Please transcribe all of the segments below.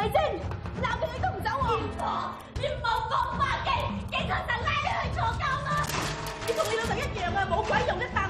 麗晶，鬧佢哋都唔走呀老婆，越冇防範勁，警察就拉你去坐監啦！你同你老豆一樣啊，冇鬼用啦。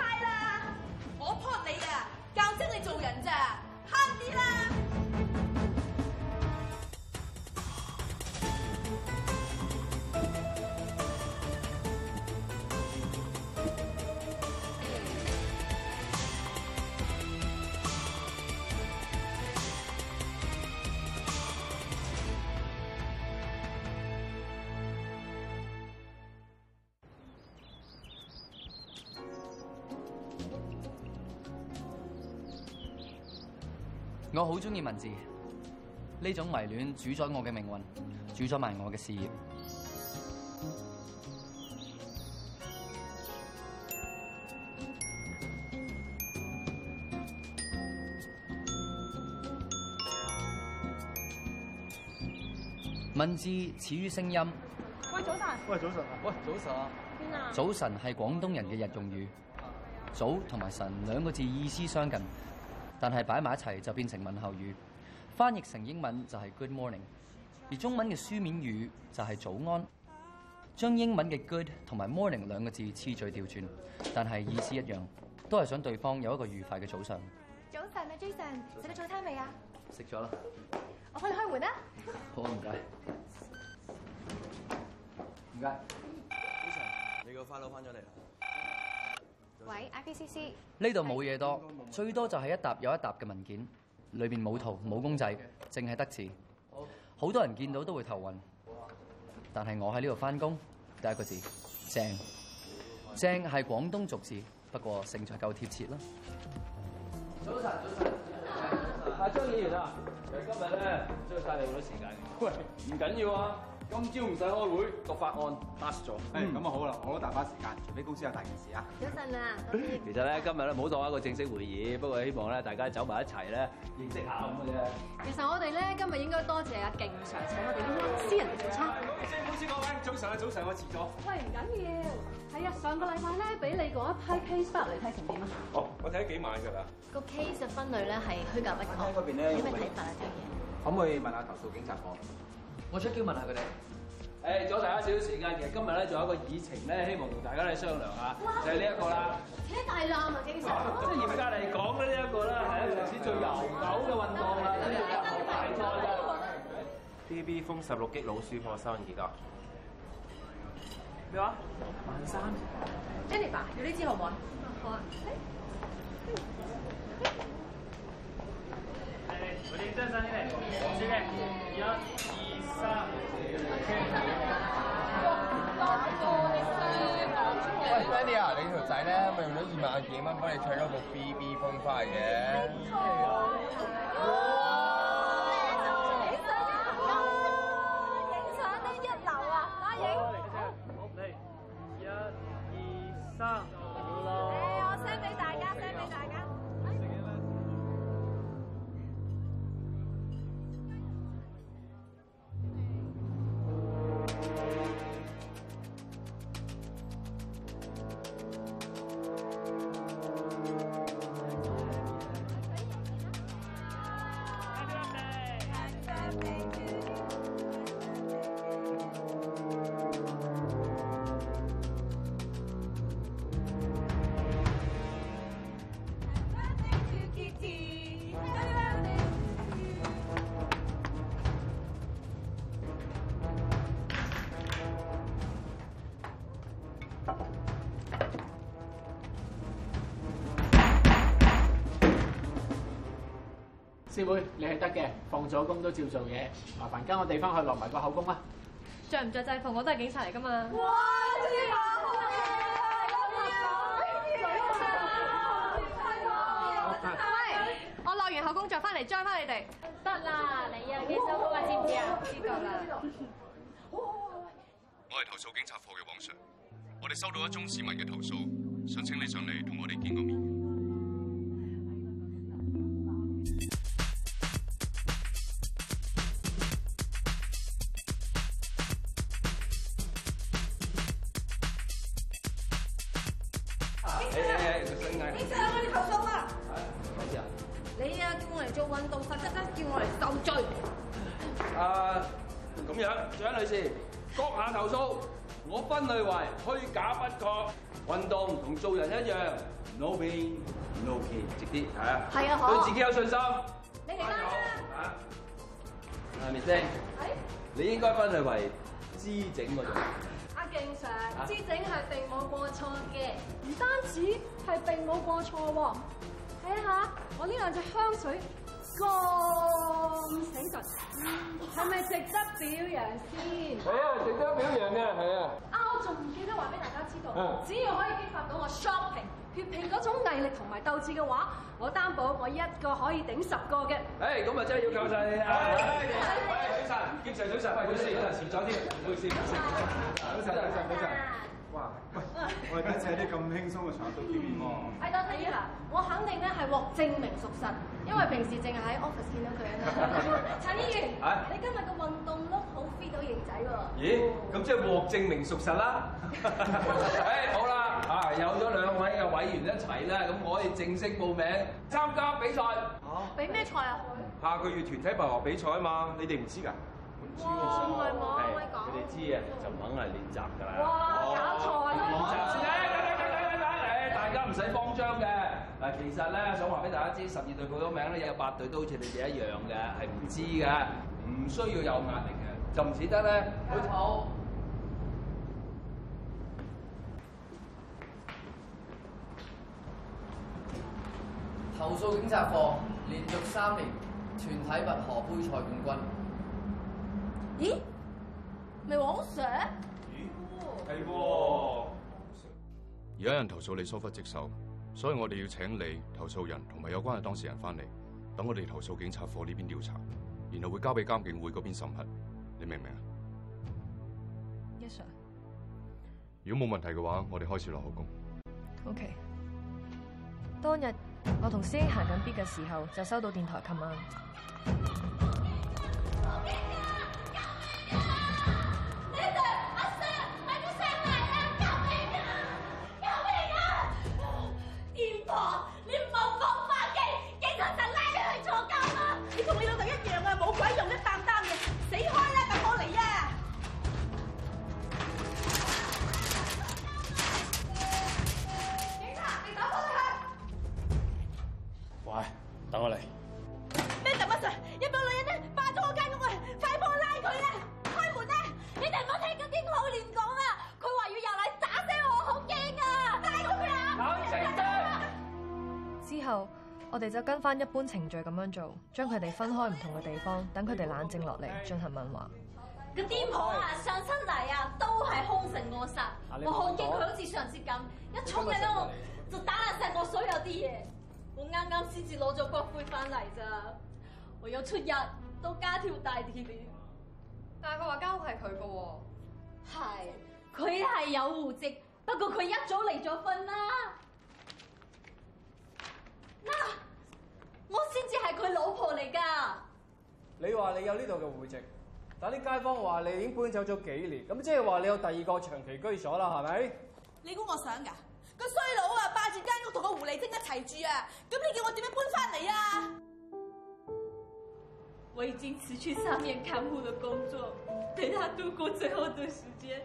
好中意文字，呢種迷戀主宰我嘅命運，主宰埋我嘅事業。文字始於聲音。喂，早晨。喂，早晨啊！喂，早晨啊！哪早晨係廣東人嘅日用語。早同埋晨兩個字意思相近。但係擺埋一齊就變成問候語，翻譯成英文就係 Good morning，而中文嘅書面語就係早安。將英文嘅 Good 同埋 Morning 兩個字次序調轉，但係意思一樣，都係想對方有一個愉快嘅早上。早晨啊，Jason，食咗早晨，早餐未啊？食咗啦。我幫你開門啊。好唔該。唔該。謝謝 Jason，你個 file 翻咗嚟啦。喂，IPCC。呢度冇嘢多，嗯、最多就係一沓有一沓嘅文件，裏邊冇圖冇公仔，淨係得字。好多人見到都會頭暈，但係我喺呢度翻工，第一個字正。正係廣東俗字，不過勝在夠貼切啦。早晨，早晨，早晨，阿張議員啊，其實今日咧，仲要嘥你好多時間。喂，唔緊要啊。今朝唔使開會，個法案 pass 咗，咁啊、嗯、好啦，我都大把時間，除非公司有大件事啊。早晨啊，其實咧今日咧唔好當一個正式會議，不過希望咧大家走埋一齊咧認識下咁嘅啫。其實我哋咧今日應該多謝阿勁常請我哋呢班私人早餐、哎。早上啊，早上，我遲咗。喂，唔緊要，係啊，上個禮拜咧俾你嗰一批 case 翻嚟睇成點啊？好、哦哦，我睇得幾晚㗎啦。個 case 嘅分類咧係虛假不確。嗰邊咧有咩睇法啊？啲嘢可唔可以問下投訴警察課？我出去問下佢哋，誒，阻大家少少時間。其實今日咧仲有一個議程咧，希望同大家嚟商量下，就係呢一個啦。扯大攬啊，經常。即係嚴格嚟講咧，呢一個咧係一個歷史最悠久嘅運動啦，啲大錯 DB 風十六擊老鼠破三點九。咩話？晚三。Jennifer，要呢支好唔好啊？好啊。我哋先收你哋，你喂，Sandy 啊，你條仔咧，咪用咗二萬幾蚊幫你唱咗部《B B 風花》嘅。師妹，你係得嘅，放咗工都照做嘢。麻煩跟我哋翻去落埋個口供啦。着唔着制服，我都係警察嚟噶嘛。哇！我落完口供再翻嚟追翻你哋得啦。你啊，記收好啊，知唔知啊？知道啦。我係投訴警察課嘅王 Sir，我哋收到一宗市民嘅投訴，想請你上嚟同我哋見個面。你上去投訴啊！啊，啊，你啊叫我嚟做運動，實得得，叫我嚟受罪。啊，咁樣，蔣女士，閣下投訴，我分類為虛假不確。運動同做人一樣，no pain no gain，直接係啊，係啊，對自己有信心。你嚟啦！啊，阿聶生，啊、你應該分類為姿整嗰正常，支整係並冇過錯嘅，唔單止係並冇過錯喎。睇下我呢兩隻香水咁死神，係咪值得表揚先？係啊，值得表揚嘅，係啊。仲唔記得話俾大家知道？只要可以激發到我 shopping 血拼嗰種毅力同埋鬥志嘅話，我擔保我一個可以頂十個嘅。誒，咁啊真係要救晒你啊！唔該曬，唔該曬，唔該曬，唔該曬，唔該曬。哇！我哋第一次喺啲咁輕鬆嘅場度見面喎。係，鄧大夫嗱，我肯定咧係獲證明屬實，因為平時淨係喺 office 見到佢啊。陳議員，你今日嘅運動咯？型仔咦？咁即係獲證明屬實啦。誒、 欸，好啦，啊，有咗兩位嘅委員一齊啦，咁我哋正式報名參加比賽。嚇！比咩賽啊？賽下個月團體拔河比賽啊嘛，你哋唔知㗎？唔知喎。係咪你哋知啊？就唔肯嚟練習㗎啦。哇！搞錯啊！唔好。大家唔使慌張嘅。嗱，其實咧想話俾大家知，十二隊報咗名咧，有八隊都好似你哋一樣嘅，係唔知嘅，唔需要有壓力。就唔似得咧。你投！？投訴警察課連續三年團體拔河杯賽冠軍。咦？咪王 Sir？咦，係喎。而家有人投訴你疏忽職守，所以我哋要請你投訴人同埋有關嘅當事人翻嚟，等我哋投訴警察課呢邊調查，然後會交俾監警會嗰邊審核。你明唔明啊？Yes sir，如果冇問題嘅話，我哋開始落口供。O.K. 當日我同師兄行緊 B 嘅時候，就收到電台琴晚。我哋就跟翻一般程序咁樣做，將佢哋分開唔同嘅地方，等佢哋冷靜落嚟進行問話。個癲婆、啊、上親嚟啊，都係凶神惡煞，啊、我看見好驚佢好似上次咁，啊、一衝入嚟就打爛晒我所有啲嘢、啊。我啱啱先至攞咗骨灰返嚟咋，唯有出入都加條大鐵、啊。但係佢話間屋係佢嘅喎，係佢係有戶籍，不過佢一早離咗婚啦。嗱、啊。我先至係佢老婆嚟噶。你話你有呢度嘅戶籍，但啲街坊話你已經搬走咗幾年，咁即係話你有第二個長期居所啦，係咪？你估我想噶？個衰佬啊，霸住間屋同個狐狸精一齊住啊，咁你叫我點樣搬翻嚟啊？我已經辭去上面看護嘅工作，陪他度過最後一段時間。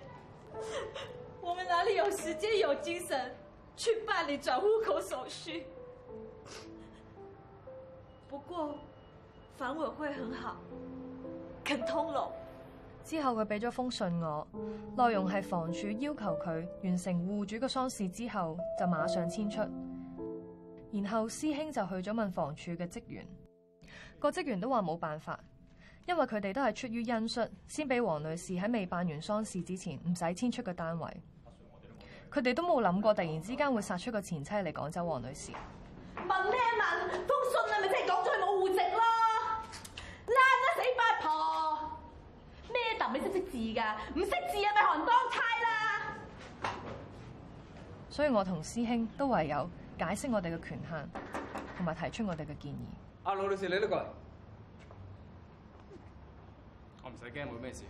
我們哪裡有時間、有精神去辦理轉戶口手續？過房委會很好，肯通融之後，佢俾咗封信我，內容係房署要求佢完成戶主嘅喪事之後就馬上遷出。然後師兄就去咗問房署嘅職員，個職員都話冇辦法，因為佢哋都係出於恩恤，先俾黃女士喺未辦完喪事之前唔使遷出個單位。佢哋、嗯、都冇諗過突然之間會殺出個前妻嚟趕走黃女士。問咩問？封信係咪即？你識唔識字噶？唔識字啊，咪學人當差啦！所以我同師兄都唯有解釋我哋嘅權限，同埋提出我哋嘅建議。阿陸女士，你呢個我唔使驚，冇咩事。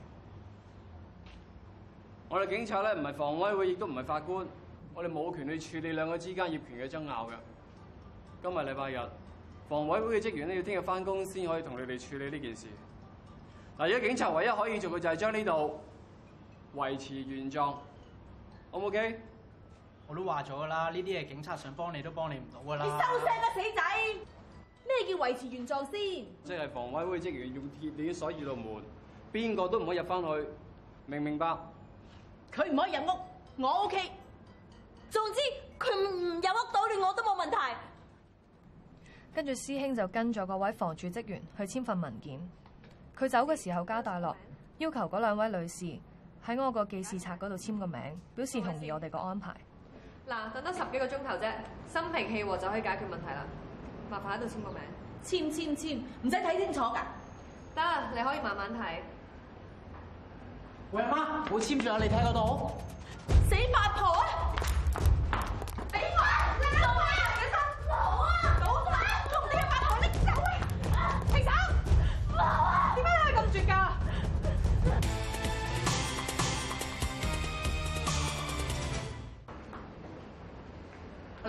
我哋警察咧唔係房委會，亦都唔係法官，我哋冇權去處理兩個之間業權嘅爭拗嘅。今日禮拜日，房委會嘅職員呢，要聽日翻工先可以同你哋處理呢件事。嗱，而家警察唯一可以做嘅就係將呢度維持原狀，O 唔 O K？我都話咗啦，呢啲嘢警察想幫你都幫你唔到噶啦。你收聲啦，死仔！咩叫維持原狀先？嗯、即係防衞會職員用鐵鏈鎖住道門，邊個都唔可以入翻去，明唔明白？佢唔可以入屋，我 O K。總之佢唔入屋搗亂我都冇問題。跟住師兄就跟咗嗰位房署職員去簽份文件。佢走嘅時候交代落，要求嗰兩位女士喺我個記事冊嗰度簽個名，表示同意我哋個安排。嗱，等多十幾個鐘頭啫，心平氣和就可以解決問題啦。麻煩喺度簽個名，簽簽簽，唔使睇清楚㗎。得，你可以慢慢睇。喂，阿媽，我簽咗啦，你睇嗰度。死八婆！啊。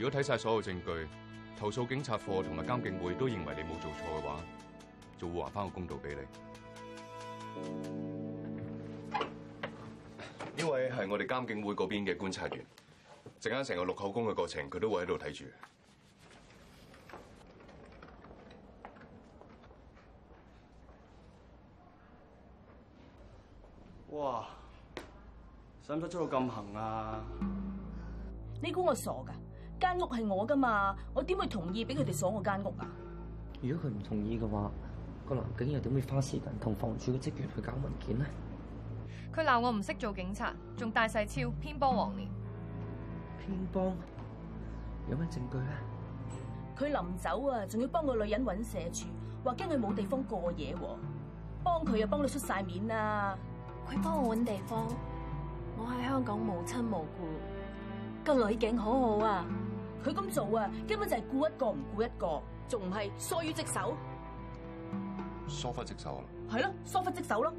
如果睇晒所有證據，投訴警察課同埋監警會都認為你冇做錯嘅話，就會還翻個公道俾你。呢位係我哋監警會嗰邊嘅觀察員，會陣間成個錄口供嘅過程，佢都會喺度睇住。哇！使唔使做到咁行啊？你估我傻噶？間屋係我噶嘛？我點會同意俾佢哋鎖我間屋啊？如果佢唔同意嘅話，個男警又點會花時間同房署嘅職員去搞文件咧？佢鬧我唔識做警察，仲大細超偏幫黃年。偏幫？幫有咩證據咧？佢臨走啊，仲要幫個女人揾社署，話驚佢冇地方過夜喎、啊。幫佢又幫你出晒面啊！佢幫我揾地方，我喺香港無親無故，個女警好好啊。佢咁做啊，根本就係顧一個唔顧一個，仲唔係疏忽職守？疏忽職守咯，係咯，疏忽職守咯。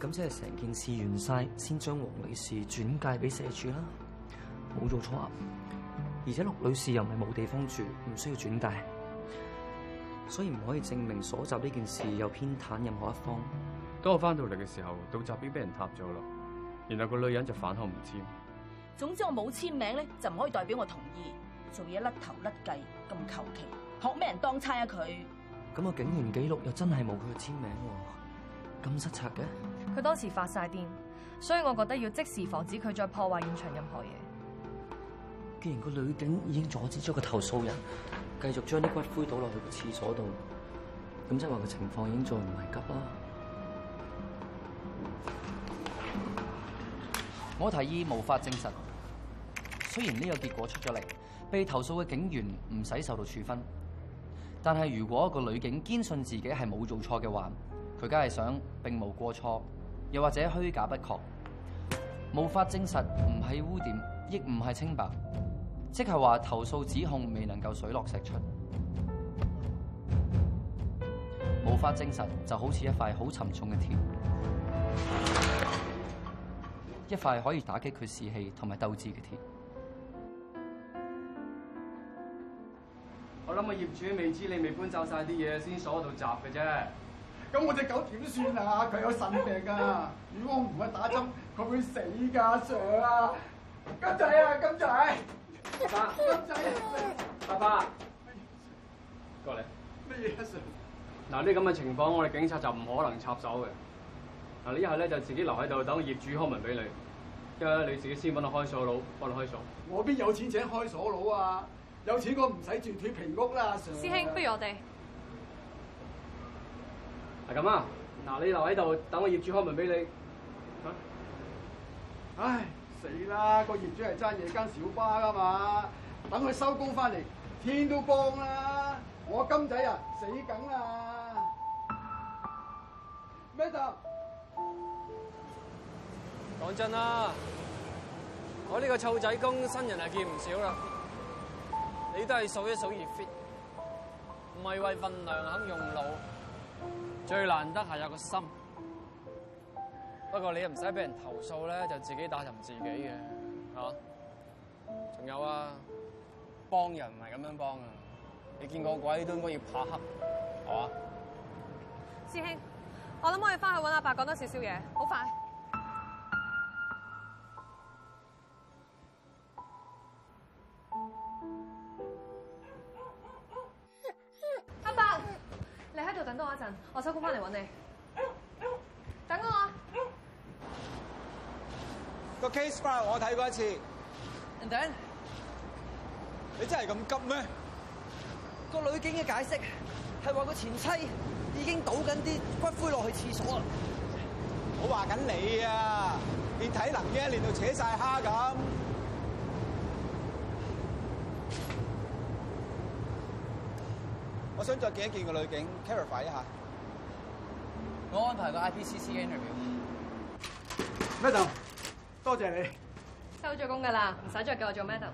咁即係成件事完晒，先將黃女士轉介俾社署啦，冇做錯啊。而且陸女士又唔係冇地方住，唔需要轉介，所以唔可以證明所執呢件事有偏袒任何一方。當我翻到嚟嘅時候，到閘邊俾人塌咗咯，然後個女人就反抗唔知。總之我冇簽名咧，就唔可以代表我同意做嘢甩頭甩計咁求其，學咩人當差啊佢？咁個警員記錄又真係冇佢嘅簽名，咁失策嘅？佢當時發晒癲，所以我覺得要即時防止佢再破壞現場任何嘢。既然個女警已經阻止咗個投訴人繼續將啲骨灰倒落去個廁所度，咁即係話個情況已經再唔係急啦。我提議無法證實。雖然呢個結果出咗嚟，被投訴嘅警員唔使受到處分，但係如果一個女警堅信自己係冇做錯嘅話，佢梗係想並無過錯，又或者虛假不確，無法證實，唔係污點，亦唔係清白，即係話投訴指控未能夠水落石出，無法證實就好似一塊好沉重嘅鐵，一塊可以打擊佢士氣同埋鬥志嘅鐵。我諗個業主未知你未搬走晒啲嘢，先鎖喺度閘嘅啫。咁我隻狗點算啊？佢 有腎病噶、啊，如果我唔去打針，佢 會,會死噶、啊、，Sir 啊！金仔啊，金仔，爸金仔，爸爸，過嚟，乜嘢、啊、？Sir，嗱呢咁嘅情況，我哋警察就唔可能插手嘅。嗱，呢一下咧就自己留喺度，等業主開門俾你，一你自己先搵我開鎖佬幫你開鎖。我邊有錢請開鎖佬啊？有錢我唔使住鐵皮屋啦，Sir、師兄。是不如我哋，係咁啊！嗱，你留喺度等我業主開門俾你。啊、唉，死啦！個業主係揸夜間小巴噶嘛，等佢收工翻嚟，天都光啦。我金仔啊，死梗啦！Madam？講真啊，我呢個臭仔公新人啊見唔少啦。你都係數一數二 fit，唔係為份糧，肯用腦，最難得係有個心。不過你又唔使俾人投訴咧，就自己打沉自己嘅，嚇？仲有啊，幫人唔係咁樣幫啊！你見過鬼都應該要怕黑，係嘛？師兄，我諗可以翻去揾阿伯講多少少嘢，好快。我睇過一次，Andy，你真係咁急咩？個女警嘅解釋係話個前妻已經倒緊啲骨灰落去廁所啦。我話緊你啊，練體能嘅練到扯曬蝦咁。我想再見一見個女警，Clarify 一下。我安排個 IPCC 嘅 interview。咩事？多謝你。收咗工㗎啦，唔使再叫我做 madam。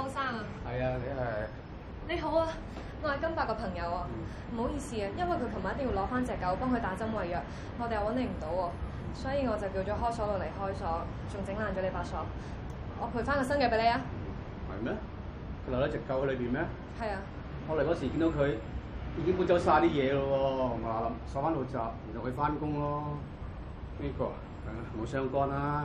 先生，係啊，你係你好啊，我係金伯個朋友啊，唔、嗯、好意思啊，因為佢琴晚一定要攞翻隻狗幫佢打針餵藥，我哋又搵你唔到、啊，所以我就叫咗開鎖佬嚟開鎖，仲整爛咗你把鎖，我賠翻個新嘅俾你啊，係咩？佢留低隻狗喺裏邊咩？係啊，我嚟嗰時見到佢已經搬走晒啲嘢咯，我話諗鎖翻度閘，然後去翻工咯，呢個啊冇相干啦。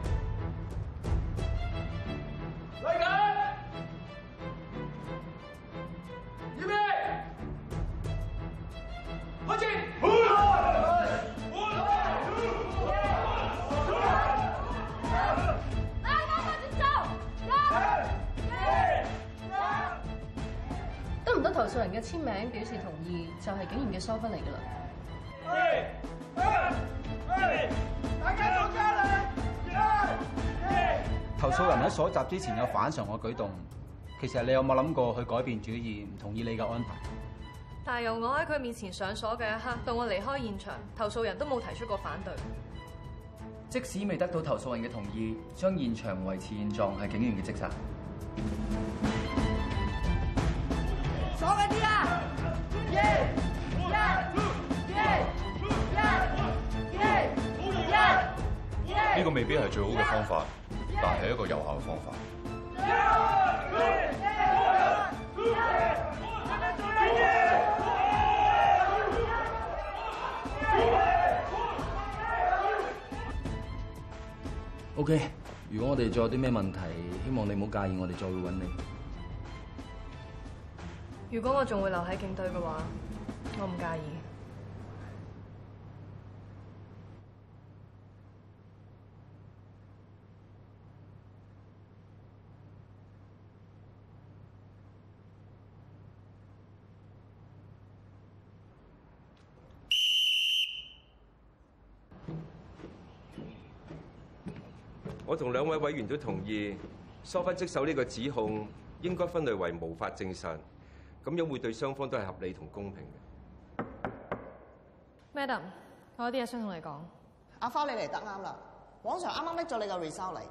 投訴人嘅簽名表示同意，就係警員嘅疏忽嚟噶啦。投訴人喺鎖閘之前有反常嘅舉動，其實你有冇諗過去改變主意，唔同意你嘅安排？但係由我喺佢面前上鎖嘅一刻到我離開現場，投訴人都冇提出過反對。即使未得到投訴人嘅同意，將現場維持現狀係警員嘅職責。講緊啲啊！一、一、就是、一、一、一、一 domain,、呢 homem, blind. 個未必係最好嘅方法，Yeah. 但係一個有效嘅方法。一、一、OK，如果我哋仲有啲咩問題，希望你唔好介意，我哋 再會揾你。如果我仲會留喺警隊嘅話，我唔介意。我同兩位委員都同意，疏忽職守呢個指控應該分類為無法證實。咁樣會對雙方都係合理同公平嘅，Madam，我有啲嘢想同你講。阿花，你嚟得啱啦。王 Sir 啱啱攞咗你嘅 result 嚟，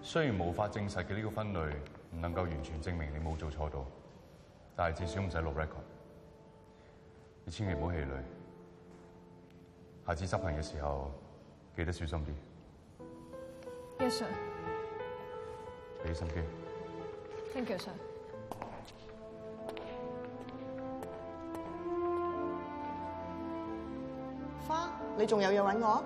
雖然無法證實嘅呢個分類唔能夠完全證明你冇做錯到，但係至少唔使錄 record。你千祈唔好氣餒。下次執行嘅時候，記得小心啲。Yes sir 心。俾心機。Thank you, sir。花，你仲有嘢搵我？